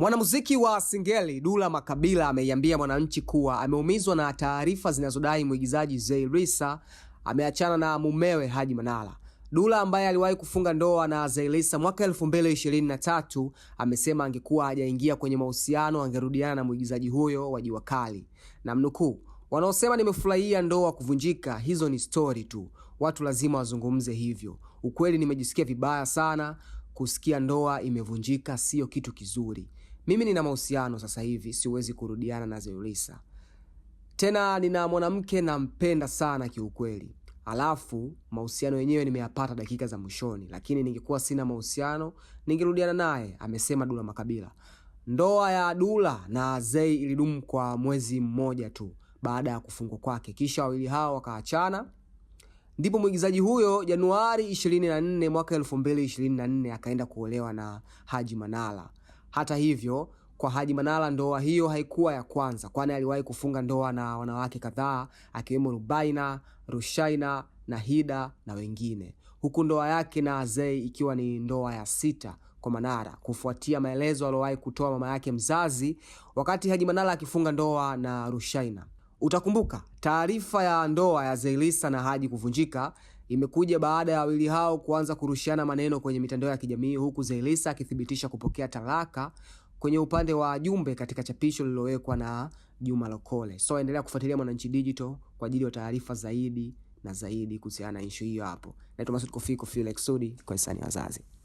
Mwanamuziki wa Singeli Dula Makabila ameiambia Mwananchi kuwa ameumizwa na taarifa zinazodai mwigizaji Zaiylissa ameachana na mumewe Haji Manara. Dula ambaye aliwahi kufunga ndoa na Zaiylissa mwaka 2023 amesema angekuwa hajaingia kwenye mahusiano angerudiana na mwigizaji huyo wa Jua Kali. Namnukuu, wanaosema nimefurahia ndoa kuvunjika, hizo ni stori tu, watu lazima wazungumze hivyo. Ukweli nimejisikia vibaya sana Kusikia ndoa imevunjika sio kitu kizuri. Mimi nina mahusiano sasa hivi, siwezi kurudiana na Zaiylisa tena. Nina mwanamke nampenda sana kiukweli, alafu mahusiano yenyewe nimeyapata dakika za mwishoni, lakini ningekuwa sina mahusiano ningerudiana naye, amesema Dula Makabila. Ndoa ya Dula na zei ilidumu kwa mwezi mmoja tu baada ya kufungwa kwake, kisha wawili hao wakaachana Ndipo mwigizaji huyo Januari 24 mwaka 2024 akaenda kuolewa na Haji Manara. Hata hivyo, kwa Haji Manara ndoa hiyo haikuwa ya kwanza, kwani aliwahi kufunga ndoa na wanawake kadhaa akiwemo Rubaina, Rushaina, Nahida na wengine, huku ndoa yake na Azei ikiwa ni ndoa ya sita kwa Manara kufuatia maelezo aliyowahi kutoa mama yake mzazi wakati Haji Manara akifunga ndoa na Rushaina. Utakumbuka taarifa ya ndoa ya Zaiylissa na Haji kuvunjika imekuja baada ya wawili hao kuanza kurushiana maneno kwenye mitandao ya kijamii huku Zaiylissa akithibitisha kupokea talaka kwenye upande wa Jumbe katika chapisho lililowekwa na Juma Lokole. So endelea kufuatilia Mwananchi Digital kwa ajili ya taarifa zaidi na zaidi kuhusiana na issue hiyo hapo. Naitwa Masud Kofiko Felix Sudi kwa hisani wazazi.